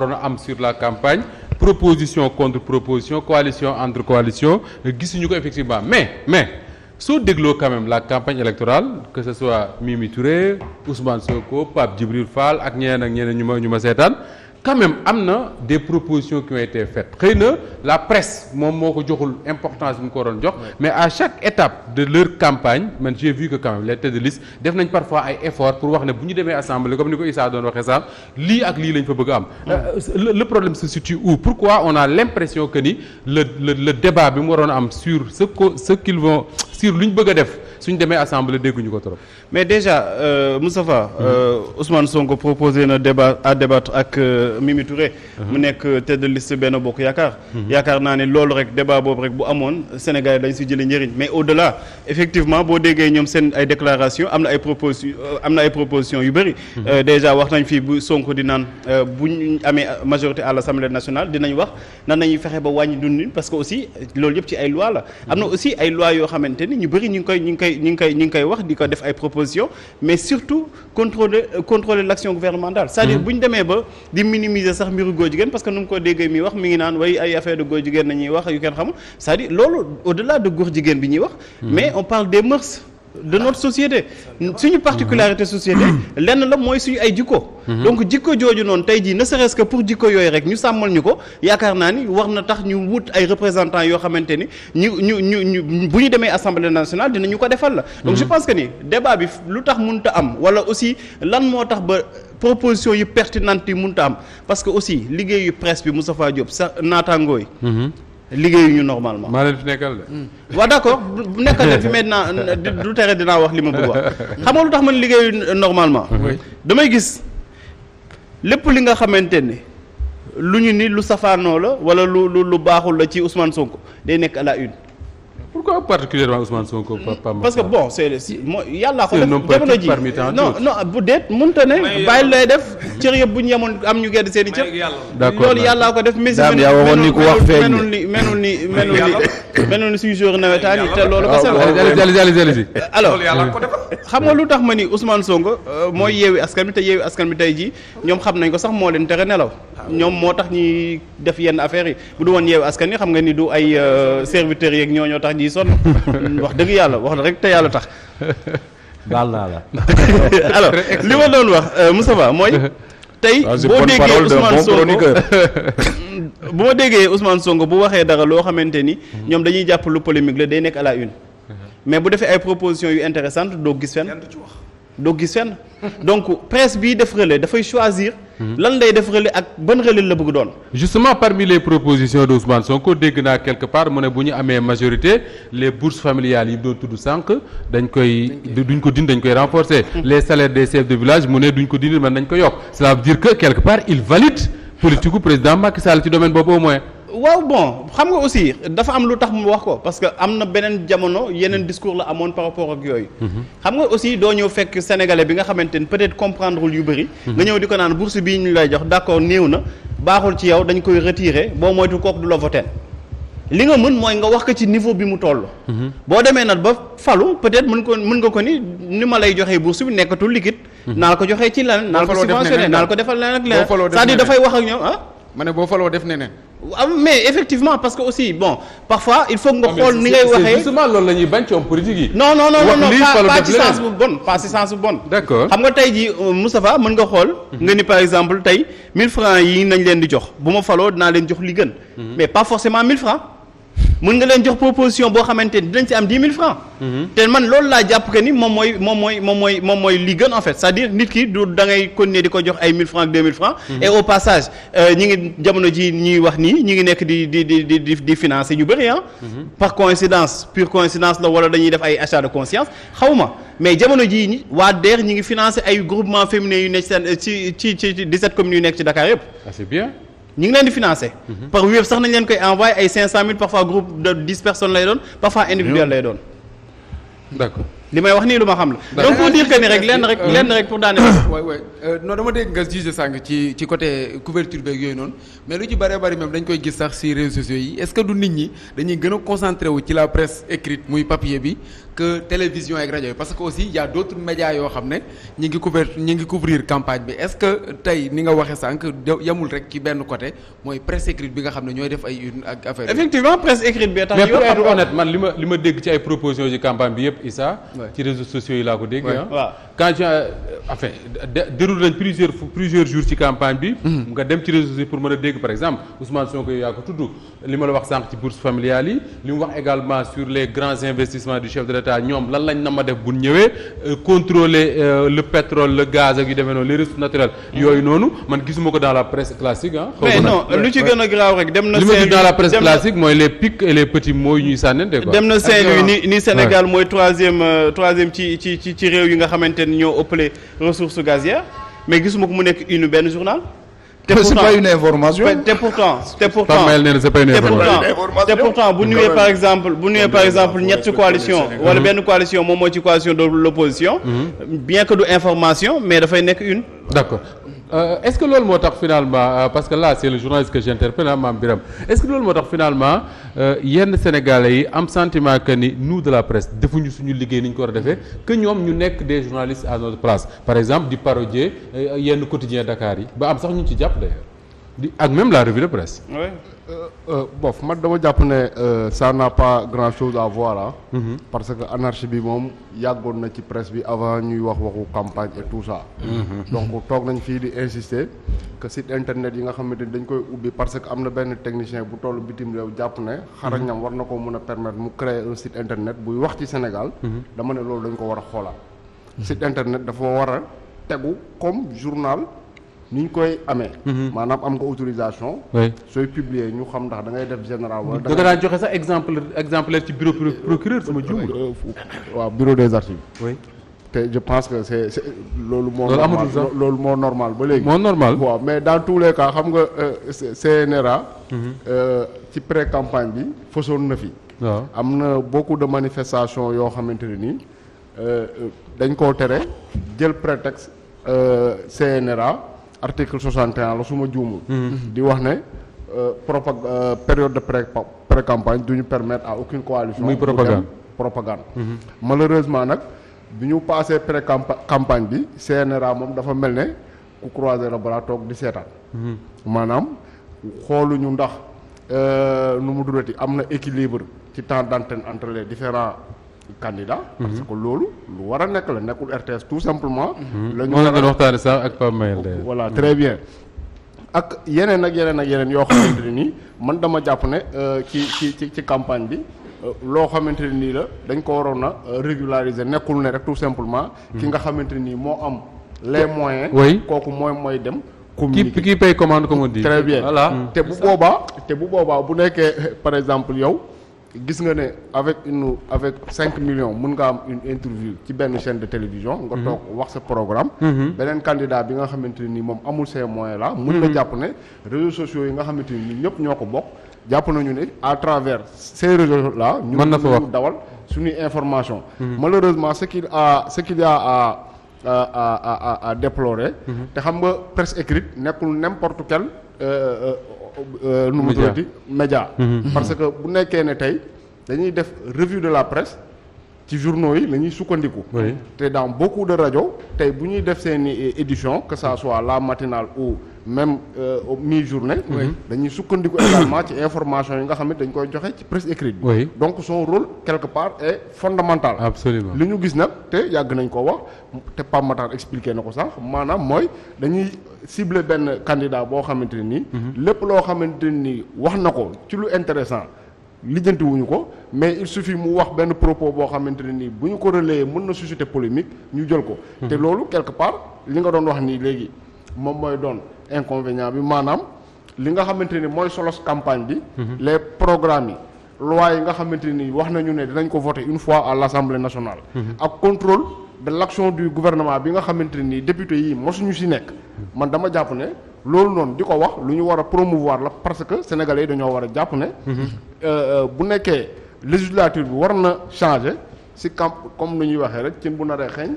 ron a am sur la campagne proposition contre proposition coalition entre coalition gisuñu ko effectivement mais mais soo dégloo quand la campagne électorale que ce soit Mimi Touré Ousmane ko Pape Djibril Fall ak ñeneen ak ñeneen ñu ma ñu ma seetaan quand même am na des propositions qui ont été faites xëy na la presse moom moo ko joxul importance bi mu ko waroon jox mais à chaque étape de leur campagne man j'ai vu que quand même les def nañ parfois ay efforts pour wax ne bu ñu demee assemblée comme ni ko Issa doon waxee sànq lii ak lii lañ fa bëgg a am euh, le problème se situe où pourquoi on a l'impression que ni le le le bi mu waroon am sur ce que ce qu'ils vont sur lu ñu bëgg def suñ demee assemblée dégguñu ko trop. mais déjà euh, Moustapha. Euh, mhm. Ousmane Sonko proposé na débat à débattre ak euh, Mimi Touré. Mhm. mu nekk euh, tête de liste Bokk Yaakaar. Mhm. yaakaar naa ne loolu rek débat boobu rek bu amoon Sénégal dañ si jëlee njëriñ mais au-delà effectivement boo déggee ñoom seen ay déclaration am na ay proposition euh, yu bëri. déjà wax nañ fii bu Sonko di naan bu ñu amee majorité à l'Assemblée nationale dinañ wax nan nañuy fexe ba wàññi dundin parce que aussi loolu yëpp na aussi ay loi yoo xamante ni ñu bëri ñu ngi koy ñu ngi ñu ngi koy ñu ngi koy wax di ko def ay propositions mais surtout contrôler contrôler l'action gouvernementale c'est-à-dire mmh. bu ñu demee ba di minimiser sax mbiru góor jigéen parce que nu mu ko déggee mi wax mi ngi naan way ay affaire de góor jigéen nañuy wax yu kenn xamul cest à loolu au-delà de jigéen bi ñuy wax mmh. mais on parle des mœurs de notre société suñu particularité société lenn la mooy suñu ay jikko mhm. donc jikko jooju noonu tey jii ne serait-ce pour jikko yooyu rek ñu sàmmal ñu ko yaakaar naa ni war na tax ñu wut ay représentants yoo xamante ni ñu ñu ñu ñu bu ñu demee assemblée nationale dinañu ko defal la donc je mhm. pense que ni débat bi lu tax mënta am wala aussi lan moo tax ba proposition yu pertinente yi mënta am parce que aussi liggéeyu presse bi Moustapha Diop sax naataangoo yi mhm. liggéeyuñu normalement. maa leen fi nekkal de. Hmm. waaw d' accord bu nekkal de fi maintenant du tere dinaa wax li ma bëgg wax xam nga lu tax man liggéeyu normalement. damay gis lépp li nga xamante ne lu ñu ni lu safaanoo la wala lu lu lu baaxul la ci Ousmane Sonko day nekk à une. pourquoi particulièrement Ousmane Sonko parce que bon c' est moo yàlla ko def jamono ji non non bu deet mënta ne bàyyi lay def cër yëpp bu ñu yemoon am ñu gedd seen i cër loolu yàllaa ko def messi menul ni menul ni menul ni menul ni suñu jour nawetaan yi te loolu kese alors xam nga lu tax ma ni Ousmane Sonko euh, mooy yeewi askan bi te yeewi askan bi tey ji ñoom xam nañ ko sax moo leen tere nelaw ñoom moo tax ñuy def yenn affaires yi bu du woon yeewu askan wi xam nga ni du ay euh, serviteur yeeg ñoo ñoo tax ñuy sonn wax dëgg yàlla wax rek te yàlla tax. baal naa la. alors li ma doon wax euh, Moustapha mooy. tey boo déggee Ousmane Sonko bu ma déggee Ousmane Sonko bu waxee dara loo xamante ni. Mhm. ñoom dañuy jàpp lu polémique la day nekk à la une. Mhm. mais bu defee ay propositions yu intéressantes doo gis fenn. doo gis fenn donc presse bii def relais dafay choisir. Mhm. lan day def reli ak ban relil la bëgg doon justement parmi les propositions de Ousmane Sonko dégg naa quelque part mu ne bu ñu amee majorité les bourses familiales yi doon tudd sànq dañ koy duñ ko dindi dañ koy renforcer mhm. les salaires des chefs de village mu ne duñ ko dindi man dañ ko yokk cela veut dire que quelque part il valide politique u président Macky Sall ci domaine boobo au waaw bon xam nga aussi dafa am lu tax mu wax ko parce que am na beneen jamono yeneen discours la amoon par rapport ak yooyu. Mhm. xam nga aussi doo ñëw fekk sénégalais bi nga xamante ne peut-être comprendre wul yu bëri. Mhm. nga ñëw di ko naan bourse bii ñu lay jox d'accord néew na baaxul ci yow dañ koy retirer boo moytu kooku du la voté. li nga mën mooy nga wax ko ci niveau bi mu toll. Mhm. boo demee nag ba falu peut-être mën ko mën nga ko ni ni ma lay joxee bourse bi nekkatul liquide. naa ko joxee ci la ko subventionné naa la ko defal leneen ak leneen. c'est-à-dire ah. ma ne boo faloo def neneen waaw ah, mais effectivement parce que aussi bon parfois il faut nga ah, xool ni ngay waxee justement loolu la bañ ci homme politique yi non non non non pas ci bu bon pas bu bon d'accord xam nga tey ji euh, Moustapha mën nga xool mhm. nga ni par exemple tey 1000 francs yi nañ leen di jox bu ma faloo dinaa leen jox li gën mhm. mais pas forcément 1000 francs mën nga leen jox proposition boo xamante ni dinañ ci am dix mille francs mhm. te man loolu laa jàpp que ni moom mooy moom mooy moom mooy moom mooy li gën en fait cest dire nit ki du da ngay continuer di ko jox ay mille francs ak deux mille francs mhm. et au passage euh, ñi ngi jamono ji ñuy wax nii ñi ngi nekk di di di di di financer ñu bëri ah par coïncidence pure coïncidence la wala dañuy def ay achat de conscience xaw ma mais jamono jii waa DER ñi ngi financé ay groupement féminin yu nekk ci ci ci 17 communes yu nekk ci Dakar yëpp ah ñu ngi leen di financer. Mhm. par web sax nañ leen koy envoyé ay 500000 parfois groupe de personnes lay doon parfois individuel lay doon. li may wax nii lu ma xam la. donc pour dire que ni rek lenn rek euh, lenn rek pour daane. waay euh, waay euh, non dama dégg nga juge sànq ci ci côté couverture beeg yooyu noonu mais lu ci bëree bëri même dañ koy gis sax ci réseaux sociaux yi est que du nit ñi dañuy gën a concentré wu ci la presse écrite muy papier bi. que télévision ak rajo yi parce que aussi y a d'autres médias yoo xam ne ñi ngi couvert ñi ngi couvrir campagne bi est tey ni nga waxee sànq yamul rek ci benn côté mooy presse écrite bi nga xam ne ñooy def ay une ak affaire effectivement presse écrite bi tax mais pour être man li ma li ma dégg ci ay propositions ci campagne bi yëpp Issa ci réseaux sociaux yi laa ko dégg ah quand enfin déroulé nañ plusieurs plusieurs jours ci campagne bi. Mhm. nga dem ci réseaux pour mën a dégg par exemple Ousmane Sonko yaa ko tudd li ma la wax sànq ci bourse familiale yi li mu wax également sur les grands investissements du chef de l'État ñoom lan lañ na ma def bu ñëwee euh, contrôler euh, le pétrole le gaz yu demee noonu les ressources naturelles. Mhm. yooyu noonu man gisuma ko dans la presse classique mais non lu ci gën a grave rek dem na. li yu ni ni Sénégal ressources gazières mais gisuma ko mu nekk une benn journal. te pourtant c'est pas une information. te pourtant te pourtant te pourtant bu ñëwee par exemple bu ñëwee par exemple ñetti coalition wala mm-hmm. benn coalition moom mooy ci coalition de l'opposition mm-hmm. bien que du information mais dafay nekk une. d'accord Euh, est-ce que loolu moo tax finalement euh, parce que là c'est le journaliste que j'interpelle ah Mame Birame est-ce que loolu moo tax finalement euh, yenn sénégalais yi am sentiment que ni nu de la presse defuñu suñu liggéey ni ñu ko war a defee que ñoom ñu nekk des journalistes à notre place par exemple di parodier euh, yenn quotidien Dakar yi ba am sax ñu ci jàpp d'ailleurs di ak même la revue de presse. Euh, euh, bof mat dama jàpp ne euh, ça n'a pas grand chose à voir ah. parce que anarchie bi moom yàggoon na ci presse bi avant ñuy wax waxu campagne et tout ça. Mm-hmm. donc toog nañ fii di insister que site internet yi nga xamante ni dañ koy ubbi parce que am na benn technicien bu toll bitim réew jàpp ne. xarañam war na ko mën a permettre mu créer un site internet buy wax ci Sénégal. Mm-hmm. dama ne loolu dañ ko war a xoolaat. site internet dafa war a tegu comme journal. nu ñu koy amee. Mhm. maanaam am nga autorisation. sooy publier ñu xam ndax da ngay def général. wala da nga joxe sax exemple exemplaire ci bureau procureur sama juumul. Euh, waaw bureau des archives. oui te je pense que c' loolu. moo normal loolu moo normal ba léegi. moo normal waaw mais dans tous les cas xam nga euh, CNRA. Mhm. Euh, ci pré campagne bi fasoon na fi. am na beaucoup de manifestation yoo xamante ne nii dañ koo tere jël prétexte CNRA. article 61 la suma ma juumul. Mhm. Mhm. di wax ne euh, propag euh, période de pré pré campagne du ñu permettre à aucune coalition. muy propagande propagande. Mhm. malheureusement nag bi ñu passé pré campagne bi CNRA moom dafa mel ne ku croiser la balaa toog di seetaan. maanaam xooluñu ndax euh, nu mu durati am na équilibre ci temps d' antenne entre les différent candidat parce que loolu lu war a nekk la nekkul RTS tout simplement. Mhm. la ñu war a waxtaane sax ak Pape Mayel voilà très bien. ak yeneen ak yeneen ak yeneen yoo xamante nii man dama jàpp ne euh, ci ci ci ci campagne bi euh, loo xamante ne nii la dañ ko waroon na euh, régulariser nekkul ne rek tout simplement. ki nga xamante nii moo am les moyens. kooku mooy mooy dem. communiquer qui qui commande comme on dit. très bien voilà te bu boobaa te bu boobaa bu nekkee par exemple yow. gis nga ne avec une avec cinq millions mun nga am une interview ci benn chaîne de télévision. nga mhm. toog wax sa programme. Mhm. beneen candidat bi nga xamante ne ni moom amul ces moyens la mhm. mun la jàpp ne réseaux sociaux yi nga xamante ni ñëpp ñoo ko bokk. jàpp nañu ne à travers ces la ñu mën na fa wax ñu dawal suñuy information. malheureusement ce qu'il a ce qu'il y a à à à te xam nga presse écrite nekkul n'importe quel. Euh, euh, euh, nu mu tuddati média parce que bu nekkee ne tey dañuy def revue de la presse ci journaux yi la ñuy sukkandiku. te dans beaucoup de rajo tey bu ñuy def seen i édition que ça soit la matinale ou même euh, mi-journée. dañuy sukkandiku également ci information yi nga xam ne dañ koy joxe ci presse écrite bi. donc son rôle quelque part est fondamental. li ñu gis nag te yàgg nañ ko wax te Pape Matar na ko sax maanaam mooy dañuy cibler benn candidat boo xamante ne nii. Mhm. lépp loo xamante nii wax na ko ci lu intéressant lijjantewuñu ko mais il suffit mu wax benn propos boo xamante ne nii bu ñu ko relayé mën na susciter polémique ñu jël ko. te hmm. loolu quelque part li nga doon wax nii léegi moom mooy doon inconvénient bi maanaam li nga xamante ni mooy solos campagne bi. Hmm. les programme yi. loi yi nga xamante ni wax nañu ne dinañ ko voter une fois à l'Assemblée nationale. Hmm. ak contrôle de l'action du gouvernement bi nga xamante nii député yi mosuñu ci nekk. man dama jàpp ne. loolu noonu di ko wax lu ñu war a promouvoir la parce que sénégalais yi dañoo war a jàpp ne. Mhm. Euh, euh, bu nekkee législature bi war na changer ci camp comme lu ñuy waxee rek cin bu naree xeeñ.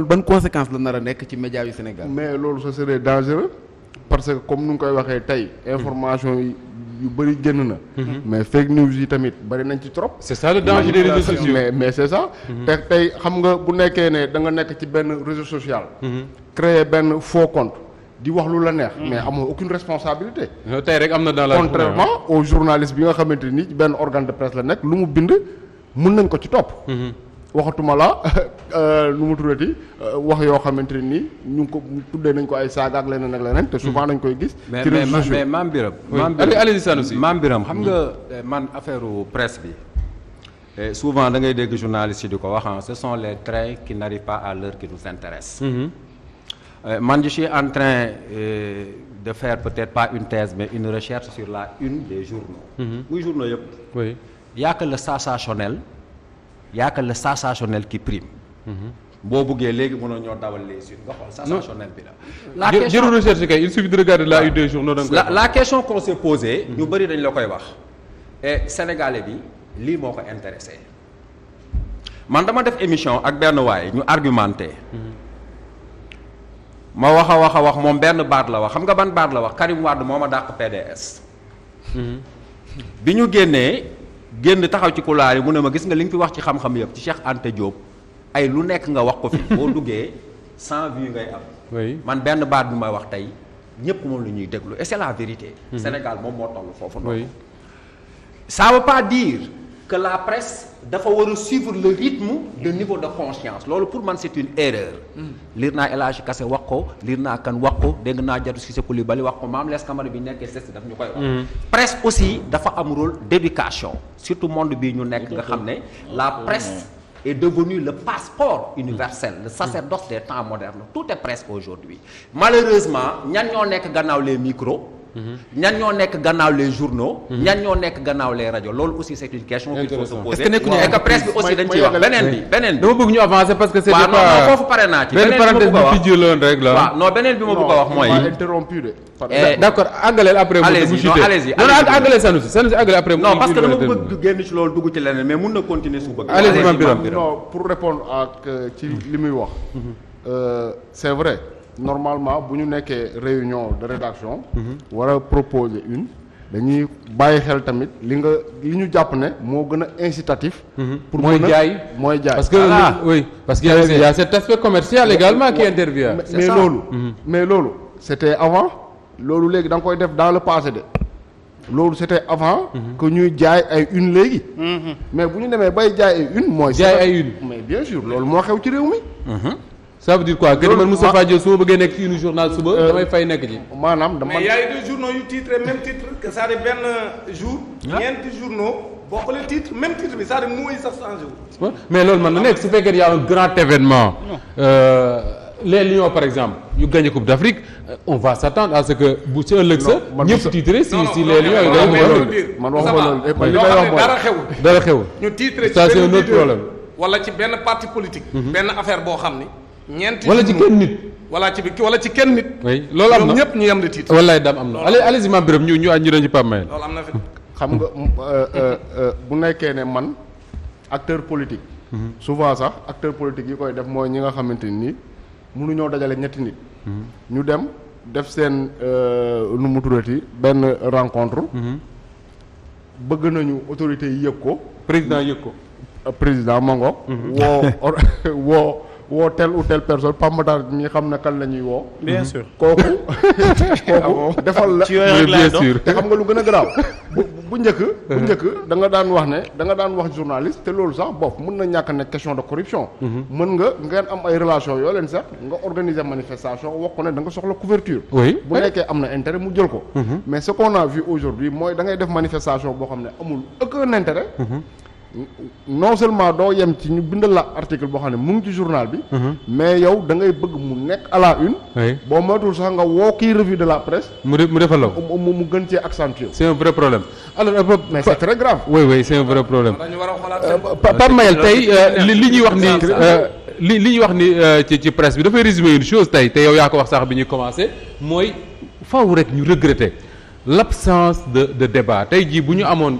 loolu ban conséquence la nar a nekk ci média yu Sénégal. mais loolu ça serait dangereux parce que comme nu nga koy waxee tey. information yi yu bëri génn na. Mhm. mais fake news yi tamit bëri nañ ci trop. c'est ça le danger des réseaux mais mais c'est ça. Mhm. te tey xam nga bu nekkee ne da nga nekk ci benn réseau social. Mhm. créer benn faux compte. di wax lu la neex. mais amoo aucune responsabilité. tey rek am na dans la contrairement au journaliste bi nga xamante ni benn organe de la nekk lu mu bind mun nañ ko ci topp. waxatuma la lu euh, mu tuddati euh, wax yoo xamante ne nii ñu ko tuddee nañ ko ay saaga ak nag ak leneen. te hmm. souvent dañ koy gis. ci réseaux sociaux mais mais maam Biram. maam Biram Aliou Sanusi maam Biram xam nga euh, man affaire presse bi. Et souvent dangay ngay dégg journalistes yi di ko wax ce son les trains ki n'arrivent pas à l'heure qui nous intéressent. Mm-hmm. man je suis en train de faire peut-être pas une thèse mais une recherche sur la une des journaux. Mm-hmm. muy journaux yëpp. oui y a y a que le sensationnel qui prime. boo buggee léegi mënoo ñoo dawal les unes nga xool bi la. la question jëru recherche kay il suffit de la la question qu'on s'est posée. Hmm. ñu bëri dañ la koy wax. et bi lii moo ko intéressé man dama def émission ak benn waay ñu argumenté. ma wax a wax a wax moom benn baat la wax xam nga ban baat la wax Karim Wade moo ma dàq PDS. Hmm. bi ñu génnee. génn taxaw ci couloir yi mu ne ma gis nga li nga fi wax ci xam-xam yëpp ci Cheikh Anta Diop ay lu nekk nga wax ko fi boo duggee cent vues ngay am. man benn baat bi may wax tey ñëpp moom la ñuy déglu et c'est la vérité. Mhm. Sénégal moom moo toll foofu noonu. ça pas dire. que la presse dafa war a suivre le rythme de niveau de conscience loolu pour man c'est une erreur liir naa El Hadji wax ko liir naa kan wax ko dégg naa Diatou Cissé Coulibaly wax ko maam Less Camara bi nekkee CESTI daf ñu koy wax mm-hmm. presse aussi dafa am rôle d'éducation surtout monde bii ñu nekk nga xam ne la mm-hmm. presse est devenu le passeport universel le sacerdoce des temps modernes tout est presse aujourd'hui malheureusement ñan ñoo nekk gannaaw les micros Mm-hmm. ñan ñoo nekk gannaaw les journaux. Mm-hmm. ñan ñoo nekk gannaaw les rajo loolu aussi c' est une question qu'il faut se beneen bi beneen bi. dama bëgg ñu avancer parce que c' est pas waaw foofu pare naa ci. beneen bi ma bëgg a wax benn parenthèse bi fi jëloon rek la. waaw de. d' allez y àggaleel Sanusi Sanusi àggaleel après. non parce que dama bëgg génn ci loolu dugg ci leneen mais mun na continuer su bëgg. allez y non pour répondre ak euh, ci li normalement bu ñu nekkee réunion de rédaction. war a proposer une. dañuy bàyyi xel tamit li nga li ñu jàpp ne moo gën a incitatif. Mhm. pour mooy jaay mooy jaay. parce ah. parce que y' a, y a cet aspect commercial mais, loolu. Mhm. mais loolu c' avant. loolu léegi danga koy def dans le passé de. loolu c' était avant. Mhm. que ñuy jaay ay une léegi. mais bu ñu demee bay jaay ay une mooy. jaay ay mais bien sûr loolu moo xew ci réew mi. ça veut dire quoi que man Moustapha Diop su ma bëggee nekk ci une journal suba euh, damay fay nekk ci. maanaam dama mais y a eu des journaux yu titré même titre que ça arrive benn jour. Ah. ñeenti journaux bokkule titre même titre bi ça arrive mooy sax changé wu. mais loolu mën na nekk su fekkee y a un grand événement. Euh, les par exemple ñu gañe Coupe d'Afrique on va sa à ce que bu ci ëllëg sa. ñëpp titré si si les Lions. non non man waxuma loolu dara xewul dara xewul. ñu wala ci benn parti politique. Mhm. affaire boo xam ni. ñeenti wala ci kenn nit. wala ci bi wala ci kenn nit. oui loolu am na ñëpp ñu yem di tiit. wallaay daam am na allez allez imam Birame ñu ñu ñu doon ci Pape loolu am na fi xam nga euh, euh, euh, bu nekkee ne man acteur politique. Mhm. souvent sax acteur politique yi koy def mooy ñi nga xamante ni mënuñoo dajale ñetti nit. Mhm. ñu dem def seen nu mu tuddati benn rencontre. Mhm. bëgg nañu autorités yi yëg ko. président yëg ko. président Mango. woo woo. woo telle ou telle personne Pape Matar mi xam ne kan la ñuy woo. bien sûr kooku. Ah kooku defal la. ci yooyu bien sûr te xam nga lu gën a garaaw. bu bu njëkk. bu uh-huh. njëkk da nga daan wax ne da nga daan wax journaliste te loolu sax bopp mën na ñàkk ne question de corruption. Uh-huh. mën nga ngeen am ay relation yoo leen sax nga organiser manifestation wax ko ne da nga soxla couverture. ooy bu nekkee am na intérêt mu jël ko. Uh-huh. mais ce qu'on a vu aujourd'hui mooy da ngay def manifestation boo xam ne amul aucun intérêt. non seulement doo yem ci ñu bindal la article boo xam ne mu ngi ci journal bi. Mhm. mais yow da ngay bëgg mu nekk à la une. boo moytuwul sax nga woo kii revue de la presse. mu mu defal la ko mu gën cee accentuer. c'est un vrai problème. alors euh, mais euh, Mayel tey euh, li li ñuy wax ni li li ñuy wax ni ci ci presse bi dafay résumer une chose tey te yow yaa ko wax sax bi ñuy commencer mooy faaw rek ñu regretter l'absence de de débat tey jii bu ñu amoon.